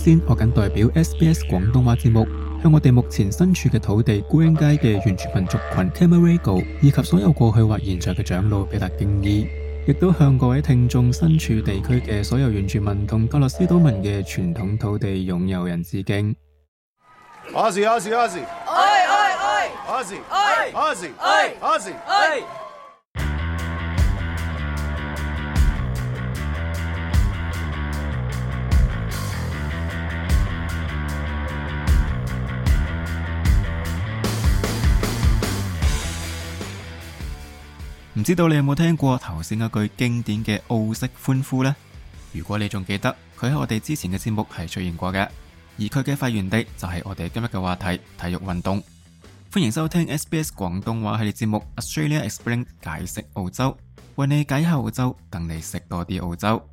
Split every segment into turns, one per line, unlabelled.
先學緊代表 SBS 廣東話節目，向我哋目前身處嘅土地孤英街嘅原住民族群 Cameroogo 以及所有過去或現在嘅長老表達敬意，亦都向各位聽眾身處地區嘅所有原住民同格魯斯島民嘅傳統土地擁有人致敬。Ozzie Ozzie Ozzie，哎哎哎，Ozzie，哎，Ozzie，哎，Ozzie，哎。唔知道你有冇聽過頭先嗰句經典嘅澳式歡呼呢？如果你仲記得佢喺我哋之前嘅節目係出現過嘅，而佢嘅發源地就係我哋今日嘅話題體育運動。歡迎收聽 SBS 廣東話系列節目《Australia Explained》解釋澳洲，為你解下澳洲，等你食多啲澳洲。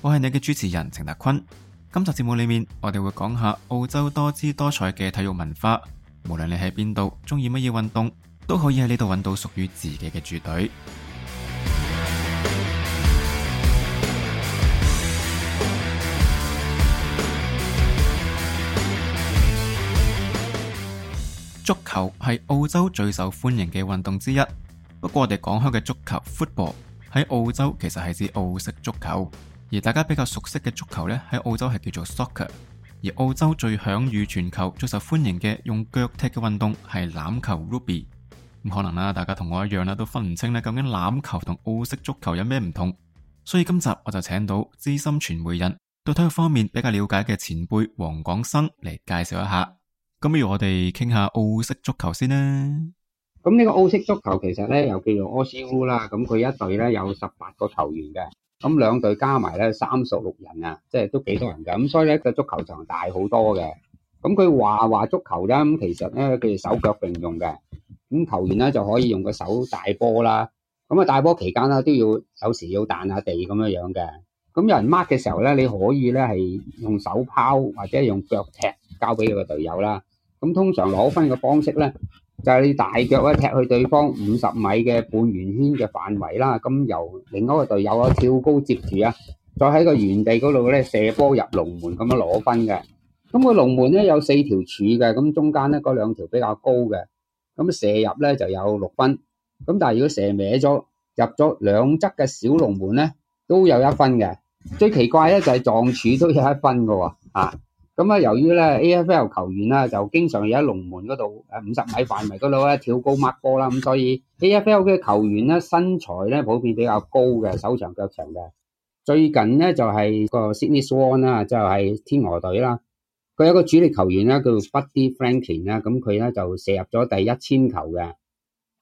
我係你嘅主持人程達坤。今集節目裏面，我哋會講下澳洲多姿多彩嘅體育文化，無論你喺邊度，中意乜嘢運動，都可以喺呢度揾到屬於自己嘅住隊。足球係澳洲最受歡迎嘅運動之一。不過我哋講開嘅足球 （football） 喺澳洲其實係指澳式足球，而大家比較熟悉嘅足球呢，喺澳洲係叫做 soccer。而澳洲最享譽全球、最受歡迎嘅用腳踢嘅運動係籃球 r u b y 咁可能啦、啊，大家同我一樣啦、啊，都分唔清咧、啊，究竟欖球同澳式足球有咩唔同？所以今集我就請到資深傳媒人對體育方面比較了解嘅前輩黃廣生嚟介紹一下。咁不如我哋傾下澳式足球先啦。
咁呢個澳式足球其實咧又叫做 Aussie Rules 啦。咁佢一隊咧有十八個球員嘅，咁兩隊加埋咧三十六人啊，即係都幾多人噶。咁所以咧個足球場大好多嘅。咁佢話話足球啦，咁其實咧佢哋手腳並用嘅。咁球員咧就可以用個手帶波啦，咁啊帶波期間咧都要有時要彈下地咁樣樣嘅。咁有人 mark 嘅時候咧，你可以咧係用手拋或者用腳踢交俾佢個隊友啦。咁通常攞分嘅方式咧，就係、是、你大腳咧踢去對方五十米嘅半圓圈嘅範圍啦，咁由另外一個隊友啊跳高接住啊，再喺個原地嗰度咧射波入龍門咁樣攞分嘅。咁、那個龍門咧有四條柱嘅，咁中間咧嗰兩條比較高嘅。咁射入咧就有六分，咁但係如果射歪咗入咗兩側嘅小龍門咧，都有一分嘅。最奇怪咧就係撞柱都有一分嘅喎，啊！咁啊，由於咧 AFL 球員啊，就經常喺龍門嗰度誒五十米範圍嗰度咧跳高抹波啦，咁所以 AFL 嘅球員咧身材咧普遍比較高嘅，手長腳長嘅。最近咧就係個 Sydney Swan 啦，就係天鵝隊啦。佢有一個主力球員啦，叫 Buddy Franklin 啦，咁佢咧就射入咗第一千球嘅，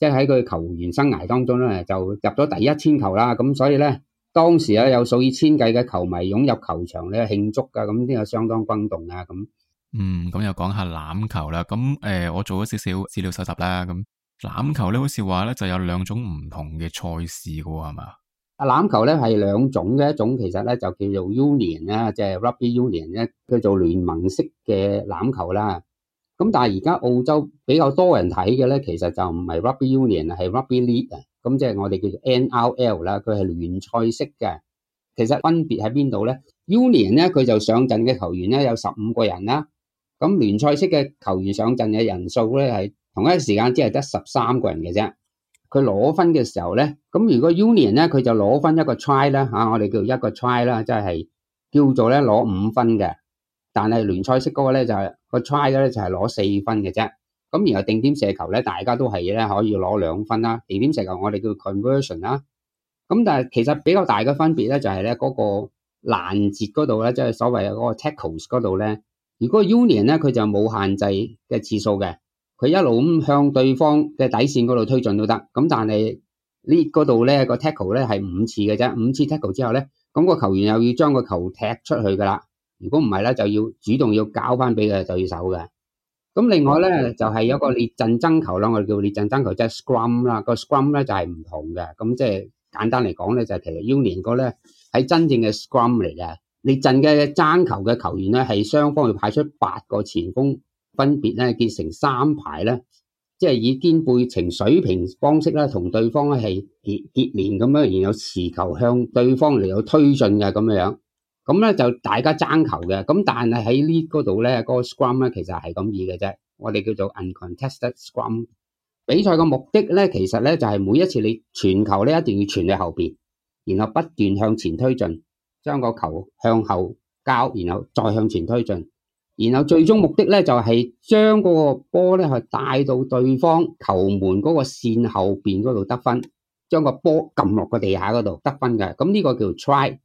即係喺佢球員生涯當中咧就入咗第一千球啦，咁所以咧當時咧有數以千計嘅球迷湧入球場咧慶祝噶，咁呢個相當轟動啊，咁。
嗯，咁又講下欖球啦，咁誒、呃，我做咗少少資料搜集啦，咁欖球咧好似話咧就有兩種唔同嘅賽事噶係嘛？
啊，欖球咧係兩種嘅一種，其實咧就叫做 Union 啦，即係 Rugby Union 咧，叫做聯盟式嘅欖球啦。咁但係而家澳洲比較多人睇嘅咧，其實就唔係 Rugby Union 啊，係 Rugby League 啊。咁即係我哋叫做 NRL 啦，佢係聯賽式嘅。其實分別喺邊度咧？Union 咧，佢就上陣嘅球員咧有十五個人啦。咁聯賽式嘅球員上陣嘅人數咧係同一時間只係得十三個人嘅啫。佢攞分嘅時候咧，咁如果 union 咧，佢就攞分一個 try 啦、啊、吓，我哋叫一個 try 啦，即係叫做咧攞五分嘅。但係聯賽式嗰個咧就係、是、個 try 咧就係攞四分嘅啫。咁然後定點射球咧，大家都係咧可以攞兩分啦。定點射球我哋叫 conversion 啦。咁但係其實比較大嘅分別咧就係咧嗰個攔截嗰度咧，即、就、係、是、所謂嘅嗰個 tackles 嗰度咧。如果 union 咧，佢就冇限制嘅次數嘅。佢一路咁向對方嘅底線嗰度推進都得，咁但係呢度咧個 tackle 咧係五次嘅啫，五次 tackle 之後咧，咁、那個球員又要將個球踢出去㗎喇。如果唔係咧，就要主動要交返俾佢對手嘅。咁另外咧就係、是、有個列陣爭球啦，我哋叫列陣爭球即係 scrum 啦。就是、sc rum，個 scrum 咧就係唔同嘅，咁即係簡單嚟講咧，就係、是、其實 union 哥咧係真正嘅 scrum 嚟嘅。列陣嘅爭球嘅球員咧係雙方要派出八個前鋒。分別咧結成三排咧，即係以肩背呈水平方式咧，同對方咧係結結連咁樣，然後持球向對方嚟到推進嘅咁樣，咁咧就大家爭球嘅。咁但係喺呢度咧，嗰、那個 scrum 咧其實係咁意嘅啫。我哋叫做 uncontested scrum。比賽嘅目的咧，其實咧、um, 就係、是、每一次你傳球咧，一定要傳去後邊，然後不斷向前推進，將個球向後交，然後再向前推進。然後最終目的咧就係、是、將嗰個波咧去帶到對方球門嗰個線後邊嗰度得分，將個波撳落個地下嗰度得分嘅，咁、這、呢個叫 try，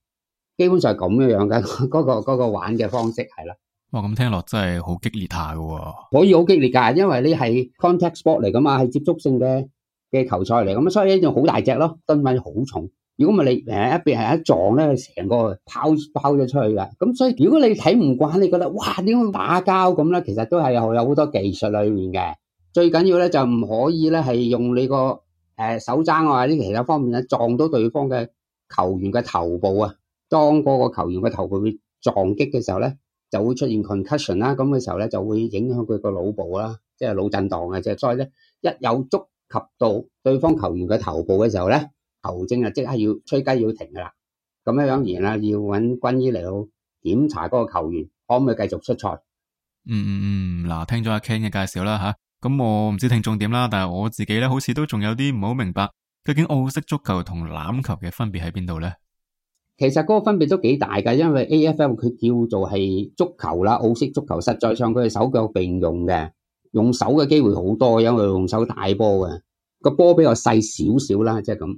基本上係咁樣樣嘅，嗰、 那個、那個玩嘅方式係啦。
哇，咁、哦、聽落真係好激烈下嘅喎，
可以好激烈噶，因為呢係 contact sport 嚟噶嘛，係接觸性嘅嘅球賽嚟，咁所以一種好大隻咯，噸位好重。如果咪你一邊係一撞咧，成個拋拋咗出去噶。咁所以如果你睇唔慣，你覺得哇，點樣打交咁啦，其實都係有好多技術裏面嘅。最緊要咧就唔可以咧係用你個誒手踭，啊，或者其他方面咧撞到對方嘅球員嘅頭部啊。當嗰個球員嘅頭部撞擊嘅時候咧，就會出現 concussion 啦。咁嘅時候咧，就會影響佢個腦部啦，即係腦震盪嘅即係。所以咧，一有觸及到對方球員嘅頭部嘅時候咧。球證啊，即刻要吹雞，要停噶啦。咁樣樣然啊，要揾軍醫嚟到檢查嗰個球員可唔可以繼續出賽。嗯
嗯、mm, mm, 啊，嗯，嗱，聽咗阿 Ken 嘅介紹啦吓，咁我唔知聽重點啦，但係我自己咧好似都仲有啲唔好明白，究竟澳式足球同欖球嘅分別喺邊度咧？
其實嗰個分別都幾大噶，因為 A F L 佢叫做係足球啦，澳式足球實在上佢係手腳並用嘅，用手嘅機會好多，因為用手大波嘅個波比較細少少啦，即係咁。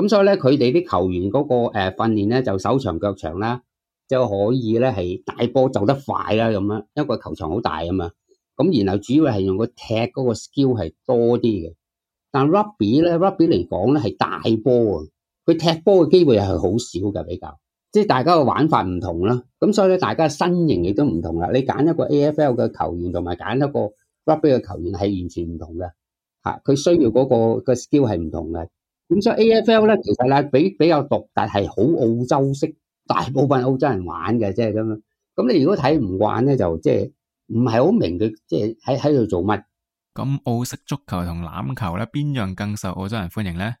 咁所以咧，佢哋啲球員嗰、那個誒、呃、訓練咧，就手長腳長啦，就可以咧係大波走得快啦咁啦，因為球場好大啊嘛。咁然後主要係用踢個踢嗰個 skill 係多啲嘅。但 Rugby 咧，Rugby 嚟講咧係大波啊，佢踢波嘅機會係好少㗎比較，即係大家嘅玩法唔同啦。咁所以咧，大家身形亦都唔同啦。你揀一個 AFL 嘅球員同埋揀一個 Rugby 嘅球員係完全唔同嘅，嚇、啊、佢需要嗰、那個、那個 skill 係唔同嘅。咁所以 AFL 咧，其實咧比比較獨，但係好澳洲式，大部分澳洲人玩嘅，即係咁樣。咁你如果睇唔慣咧，就即係唔係好明佢即係喺喺度做乜。咁
澳式足球同欖球咧，邊樣更受澳洲人歡迎咧？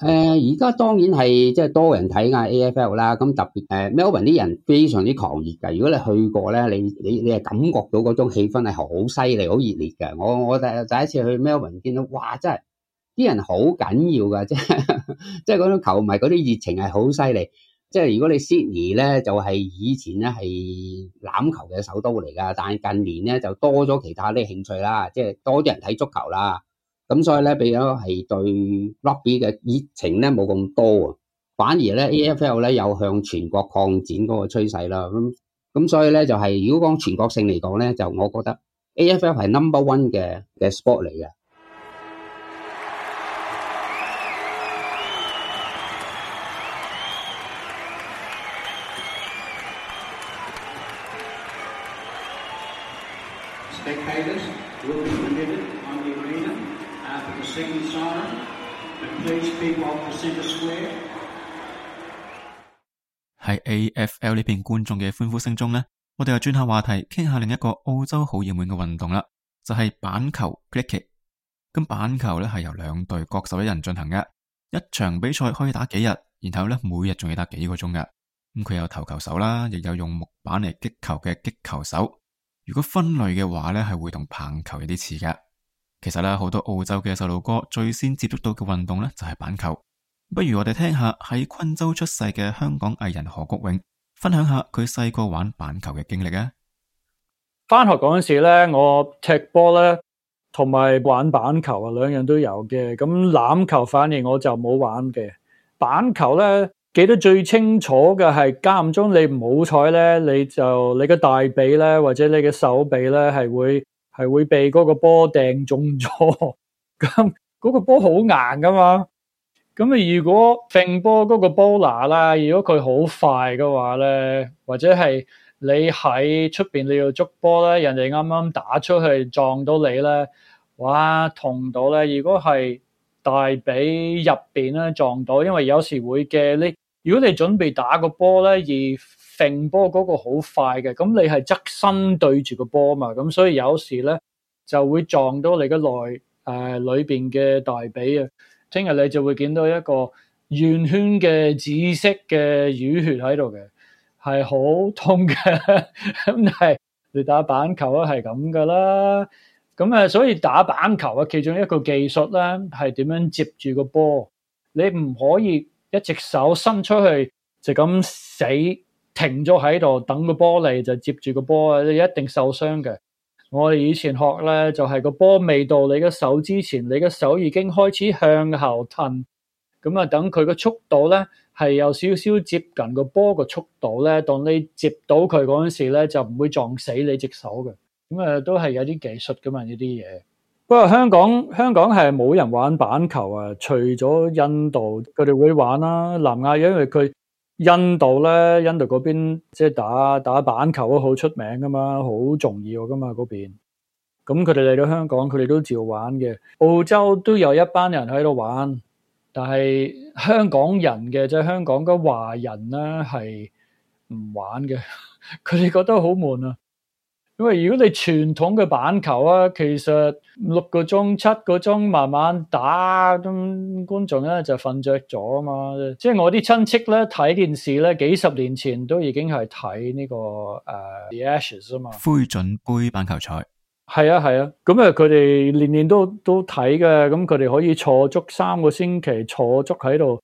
誒、呃，而家當然係即係多人睇噶 AFL 啦。咁特別誒、呃，Melbourne 啲人非常之狂熱㗎。如果你去過咧，你你你係感覺到嗰種氣氛係好犀利、好熱烈嘅。我我第第一次去 Melbourne，見到哇，真係～啲人好緊要㗎，即係即係嗰種球迷嗰啲熱情係好犀利。即係如果你 Sydney 咧，就係、是、以前咧係欖球嘅首都嚟㗎，但係近年咧就多咗其他啲興趣啦，即係多啲人睇足球啦。咁所以咧，比較係對 rugby 嘅熱情咧冇咁多啊，反而咧 AFL 咧又向全國擴展嗰個趨勢啦。咁咁所以咧就係、是、如果講全國性嚟講咧，就我覺得 AFL 係 number one 嘅嘅 sport 嚟嘅。
喺 AFL 呢邊觀眾嘅歡呼聲中咧，我哋又轉下話題，傾下另一個澳洲好熱門嘅運動啦，就係板球。Gleek 咁板球咧係由兩隊各十一人進行嘅，一場比賽可以打幾日，然後咧每日仲要打幾個鐘噶。咁佢有投球手啦，亦有用木板嚟擊球嘅擊球手。如果分類嘅話咧，係會同棒球有啲似噶。其實咧，好多澳洲嘅細路哥最先接觸到嘅運動咧就係板球。不如我哋聽下喺昆州出世嘅香港藝人何國榮，分享下佢細個玩板球嘅經歷啊！
翻學嗰陣時咧，我踢波咧，同埋玩板球啊，兩樣都有嘅。咁欖球反而我就冇玩嘅。板球咧，記得最清楚嘅係，間唔中你唔好彩咧，你就你嘅大髀咧，或者你嘅手臂咧，係會係會被嗰個波掟中咗。咁 嗰個波好硬噶嘛。咁啊！如果揈波嗰個 bowler 啦，如果佢好快嘅話咧，或者係你喺出邊你要捉波咧，人哋啱啱打出去撞到你咧，哇，痛到咧！如果係大髀入邊咧，撞到，因為有時會嘅。你如果你準備打個波咧，而揈波嗰個好快嘅，咁你係側身對住個波嘛，咁所以有時咧就會撞到你嘅內誒裏邊嘅大髀啊！聽日你就會見到一個圓圈嘅紫色嘅淤血喺度嘅，係好痛嘅。咁但係你打板球咧係咁噶啦，咁啊，所以打板球嘅其中一個技術咧係點樣接住個波？你唔可以一隻手伸出去就咁死停咗喺度等個波嚟就接住個波，你一定受傷嘅。我哋以前學咧，就係、是、個波未到你嘅手之前，你嘅手已經開始向後褪。咁啊，等佢嘅速度咧係有少少接近個波嘅速度咧，當你接到佢嗰陣時咧，就唔會撞死你隻手嘅。咁啊，都係有啲技術噶嘛呢啲嘢。不過香港香港係冇人玩板球啊，除咗印度佢哋會玩啦、啊，南亞因為佢。印度咧，印度嗰邊即係打打板球都好出名噶嘛，好重要噶嘛嗰邊。咁佢哋嚟到香港，佢哋都照玩嘅。澳洲都有一班人喺度玩，但係香港人嘅，即係香港嘅華人咧係唔玩嘅，佢 哋覺得好悶啊。因為如果你傳統嘅板球啊，其實六個鐘、七個鐘慢慢打，咁、嗯、觀眾咧就瞓着咗啊嘛。即係我啲親戚咧睇電視咧，幾十年前都已經係睇呢個誒、呃、Ashes 啊嘛，灰
燼杯板球賽。
係啊係啊，咁啊佢哋年年都都睇嘅，咁佢哋可以坐足三個星期，坐足喺度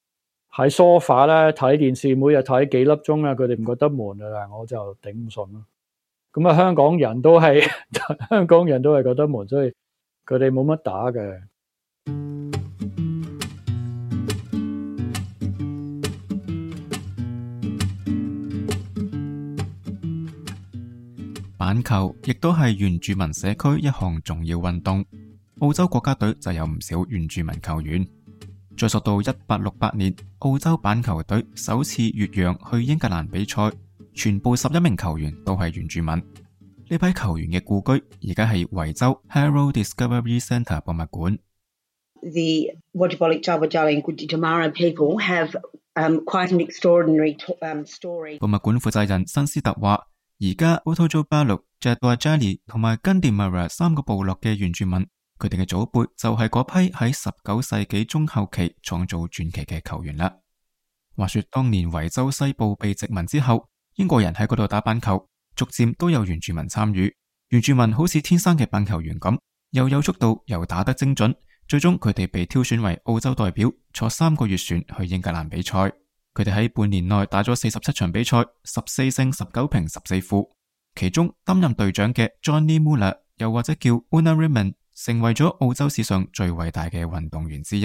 喺梳化咧睇電視，每日睇幾粒鐘啊，佢哋唔覺得悶啊，但我就頂唔順咯。咁啊！香港人都係， 香港人都係覺得悶，所以佢哋冇乜打嘅。
板球亦都係原住民社區一項重要運動，澳洲國家隊就有唔少原住民球員。追溯到一八六八年，澳洲板球隊首次越洋去英格蘭比賽。全部十一名球員都係原住民。呢批球員嘅故居而家係維州 Hero Discovery Centre 博物館。
博
物館負責人辛斯特話：而家 Wotjobaluk、Jadawadjali 同埋 Gunditjmara 三個部落嘅原住民，佢哋嘅祖輩就係嗰批喺十九世紀中後期創造傳奇嘅球員啦。話說，當年維州西部被殖民之後。英國人喺嗰度打板球，逐漸都有原住民參與。原住民好似天生嘅板球員咁，又有速度又打得精準。最終佢哋被挑選為澳洲代表，坐三個月船去英格蘭比賽。佢哋喺半年內打咗四十七場比賽，十四勝、十九平、十四負。其中擔任隊長嘅 Johnny Muller，又或者叫 Una Raymond，成為咗澳洲史上最偉大嘅運動員之一。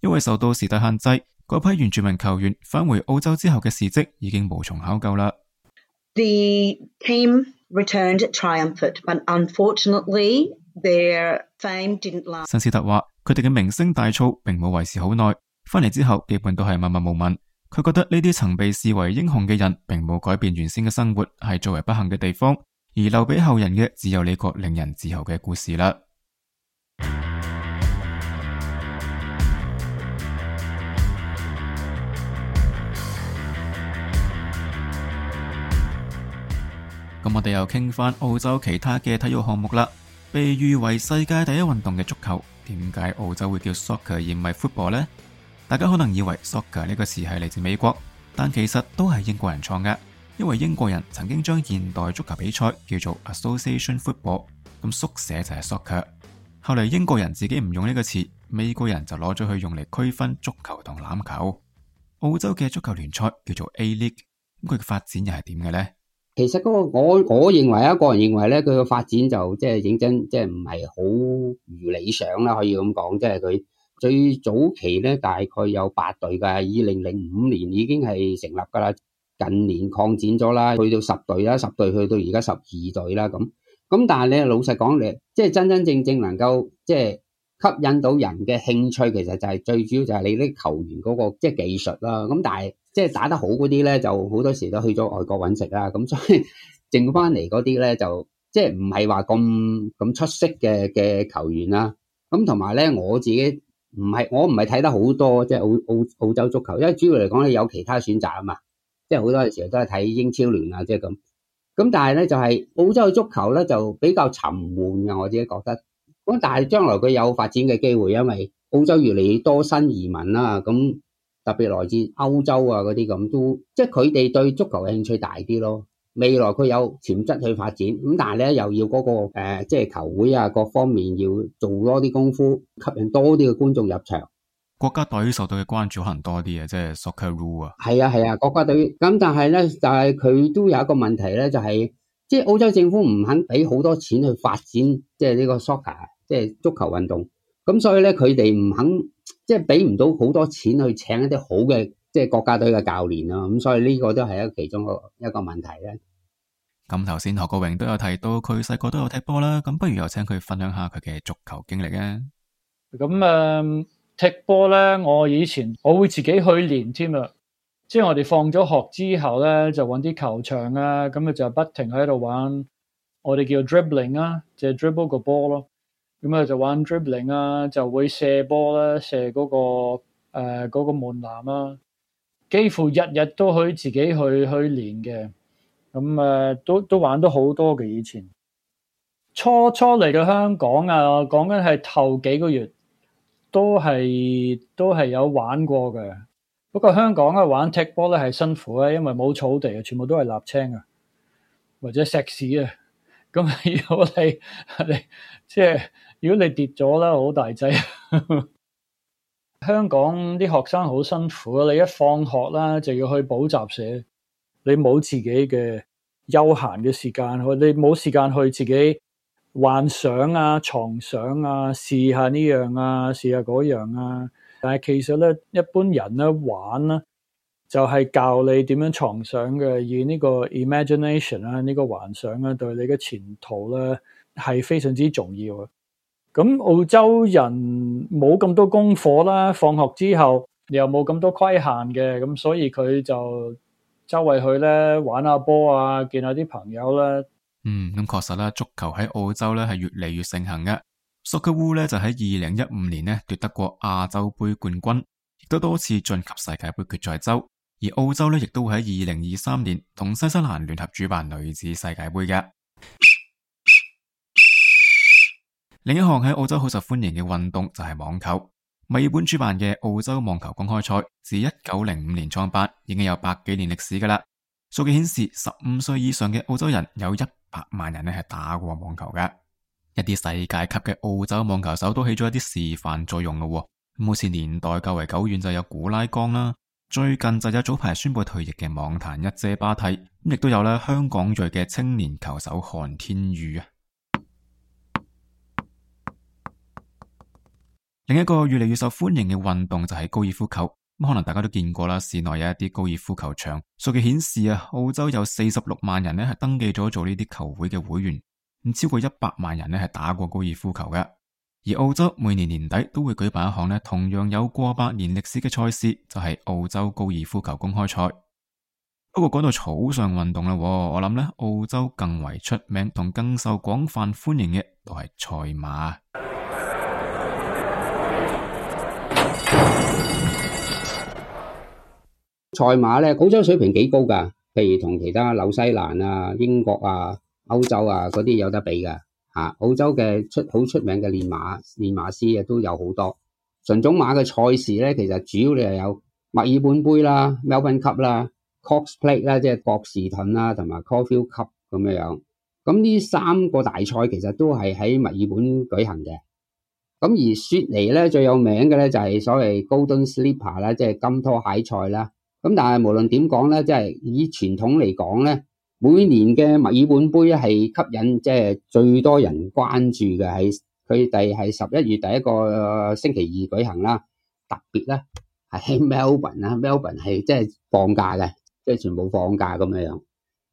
因為受到時代限制，嗰批原住民球員返回澳洲之後嘅事蹟已經無從考究啦。
The team returned triumphant, but unfortunately their fame didn't last。
辛斯特話：佢哋嘅名聲大噪並冇維持好耐，返嚟之後基本都係默默無聞。佢覺得呢啲曾被視為英雄嘅人，並冇改變原先嘅生活，係最為不幸嘅地方，而留俾後人嘅只有呢個令人自豪嘅故事啦。咁我哋又傾翻澳洲其他嘅體育項目啦。被譽為世界第一運動嘅足球，點解澳洲會叫 soccer 而唔係 football 呢？大家可能以為 soccer 呢個詞係嚟自美國，但其實都係英國人創嘅。因為英國人曾經將現代足球比賽叫做 association football，咁縮寫就係 soccer。後嚟英國人自己唔用呢個詞，美國人就攞咗去用嚟區分足球同欖球。澳洲嘅足球聯賽叫做 A-League，咁佢嘅發展又係點嘅呢？
其實嗰個我我認為啊，個人認為咧，佢嘅發展就即係認真，即係唔係好如理想啦，可以咁講。即係佢最早期咧，大概有八隊嘅，二零零五年已經係成立噶啦。近年擴展咗啦，去到十隊啦，十隊去到而家十二隊啦咁。咁但係咧，老實講你即係真真正正能夠即係吸引到人嘅興趣，其實就係最主要就係你啲球員嗰個即係技術啦。咁但係，即係打得好嗰啲咧，就好多時都去咗外國揾食啦。咁所以剩翻嚟嗰啲咧，就即係唔係話咁咁出色嘅嘅球員啦。咁同埋咧，我自己唔係我唔係睇得好多，即係澳澳澳洲足球，因為主要嚟講，你有其他選擇啊嘛。即係好多時候都係睇英超聯啊，即係咁。咁但係咧，就係澳洲嘅足球咧，就比較沉悶嘅，我自己覺得。咁但係將來佢有發展嘅機會，因為澳洲越嚟越多新移民啦。咁。特別來自歐洲啊，嗰啲咁都，即係佢哋對足球嘅興趣大啲咯。未來佢有潛質去發展，咁但係咧又要嗰、嗰個、呃、即係球會啊，各方面要做多啲功夫，吸引多啲嘅觀眾入場。
國家隊受到嘅關注可能多啲啊，即係 soccer rule 啊。
係啊係啊，啊國家隊。咁但係咧，就係佢都有一個問題咧，就係、係、即係澳洲政府唔肯俾好多錢去發展，即係呢個 soccer，即係足球運動。咁所以咧，佢哋唔肯。即係俾唔到好多錢去請一啲好嘅，即係國家隊嘅教練啦、啊，咁所以呢個都係一個其中一個一個問題咧、啊。
咁頭先何國榮都有提到，佢細個都有踢波啦，咁不如有請佢分享下佢嘅足球經歷啊。
咁誒、嗯，踢波咧，我以前我會自己去練添啦，即係我哋放咗學之後咧，就搵啲球場啊，咁啊就不停喺度玩，我哋叫 dribbling 啊、即、就、係、是、dribble 個波咯。咁啊，就玩 dribbling 啊，就會射波啦、啊，射嗰、那個誒嗰、呃那個門籃啦、啊，幾乎日日都可以自己去去練嘅。咁、嗯、啊，都都玩得好多嘅以前。初初嚟到香港啊，講緊係頭幾個月都，都係都係有玩過嘅。不過香港啊，玩踢波咧係辛苦咧、啊，因為冇草地啊，全部都係立青啊，或者石屎啊。咁我哋，我哋即係。如果你跌咗啦，好大劑。 香港啲學生好辛苦，你一放學啦就要去補習社，你冇自己嘅休閒嘅時間，你冇時間去自己幻想啊、創想啊、試下呢樣啊、試下嗰樣啊。但係其實咧，一般人咧玩啦，就係、是、教你點樣創想嘅，而呢個 imagination 啊，呢、這個幻想啊，對你嘅前途咧係非常之重要嘅。咁澳洲人冇咁多功課啦，放學之後又冇咁多規限嘅，咁所以佢就周圍去咧玩下波啊，見下啲朋友啦。
嗯，咁、嗯、確實啦，足球喺澳洲咧係越嚟越盛行嘅。蘇克烏咧就喺二零一五年咧奪得過亞洲盃冠軍，亦都多次晉級世界盃決賽周。而澳洲咧亦都喺二零二三年同新西蘭聯合主辦女子世界盃嘅。另一項喺澳洲好受歡迎嘅運動就係網球。墨爾本主辦嘅澳洲網球公開賽，自一九零五年創辦，已經有百幾年歷史噶啦。數據顯示，十五歲以上嘅澳洲人有一百萬人咧係打過網球嘅。一啲世界級嘅澳洲網球手都起咗一啲示範作用噶。咁好似年代較為久遠就有古拉岡啦，最近就有早排宣布退役嘅網壇一姐巴蒂，亦都有咧香港裔嘅青年球手韓天宇啊。另一個越嚟越受歡迎嘅運動就係高爾夫球，咁可能大家都見過啦。市內有一啲高爾夫球場，數據顯示啊，澳洲有四十六萬人咧係登記咗做呢啲球會嘅會員，咁超過一百萬人咧係打過高爾夫球嘅。而澳洲每年年底都會舉辦一項咧同樣有過百年歷史嘅賽事，就係澳洲高爾夫球公開賽。不過講到草上運動啦，我諗咧澳洲更為出名同更受廣泛
歡迎嘅都係賽馬。賽馬咧，澳洲水平幾高㗎？譬如同其他紐西蘭啊、英國啊、歐洲啊嗰啲有得比㗎嚇、啊。澳洲嘅出好出名嘅練馬練馬師啊，都有好多。純種馬嘅賽事咧，其實主要你又有墨爾本杯啦、Melbourne Cup 啦、Cox Plate 啦，即係博士盾啦，同埋 Caulfield Cup 咁樣樣。咁呢三個大賽其實都係喺墨爾本舉行嘅。咁而雪梨咧最有名嘅咧就係所謂 Golden Slipper 啦，即係金拖鞋賽啦。咁但係無論點講咧，即係以傳統嚟講咧，每年嘅墨爾本杯係吸引即係、就是、最多人關注嘅，係佢哋係十一月第一個星期二舉行啦。特別咧係喺 Melbourne 墨爾本啦，Melbourne 係即係放假嘅，即、就、係、是、全部放假咁樣樣。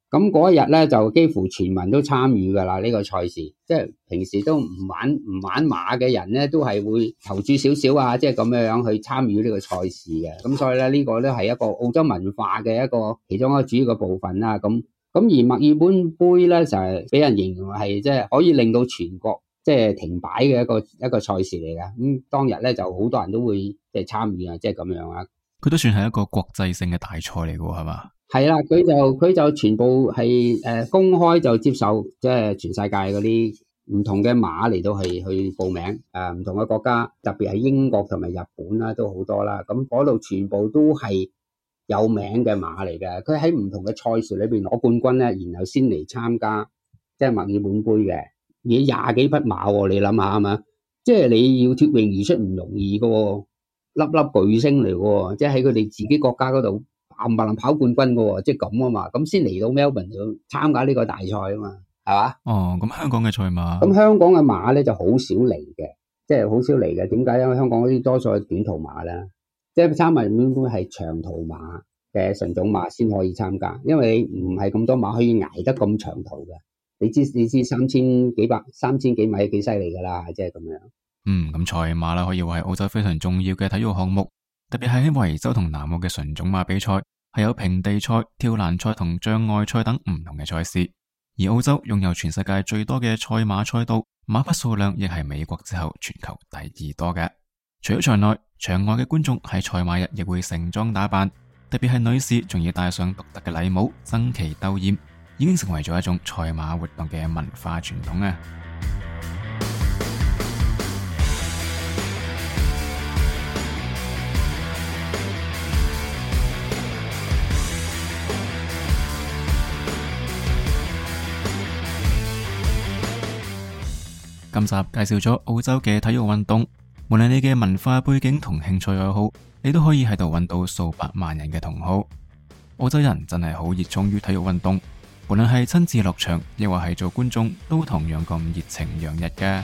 咁嗰一日咧，就幾乎全民都參與噶啦呢個賽事，即係平時都唔玩唔玩馬嘅人咧，都係會投注少少啊，即係咁樣樣去參與呢個賽事嘅。咁所以咧，呢、呢個咧係一個澳洲文化嘅一個其中一個主要嘅部分啦。咁、嗯、咁而墨爾本杯咧，就係俾人形容係即係可以令到全國即係停擺嘅一個一個賽事嚟嘅。咁、嗯、當日咧就好多人都會即係參與啊，即係咁樣啊。
佢都算係一個國際性嘅大賽嚟嘅，係嘛？
係啦，佢就佢就全部係誒、呃、公開就接受，即、就、係、是、全世界嗰啲唔同嘅馬嚟,到係去報名啊，唔、呃、同嘅國家，特別係英國同埋日本啦，啊，都好多啦。咁嗰度全部都係有名嘅馬嚟嘅，佢喺唔同嘅賽事裏邊攞冠軍咧，然後先嚟參加即係墨爾本杯嘅，已經廿幾匹馬，啊，你諗下係嘛，即係你要脫穎而出唔容易噶，啊，粒粒巨星嚟噶，啊，即係喺佢哋自己國家嗰度。冚唪唥跑冠軍噶，即係咁啊嘛，咁先嚟到 Melbourne 參加呢個大賽啊嘛，係嘛？哦，咁香港嘅賽馬，咁香港嘅馬咧就好少嚟嘅，即係好少嚟嘅。點解咧？因為香港嗰啲多數係短途馬啦，即係參物應該係長途馬嘅純種馬先可以參加，因為你唔係咁多馬可以挨得咁長途嘅。你知你知三千幾百三千幾米幾犀利噶啦，即係咁樣。
嗯，咁、嗯、賽、嗯、馬啦，可以話係澳洲非常重要嘅體育項目。特別係喺維州同南澳嘅純種馬比賽，係有平地賽、跳欄賽同障礙賽等唔同嘅賽事。而澳洲擁有全世界最多嘅賽馬賽道，馬匹數量亦係美國之後全球第二多嘅。除咗場內，場外嘅觀眾喺賽馬日亦會盛裝打扮，特別係女士仲要戴上獨特嘅禮帽，爭奇鬥艷，已經成為咗一種賽馬活動嘅文化傳統啊！今集介紹咗澳洲嘅體育運動，無論你嘅文化背景同興趣愛好，你都可以喺度搵到數百萬人嘅同好。澳洲人真係好熱衷於體育運動，無論係親自落場亦或係做觀眾，都同樣咁熱情洋溢嘅。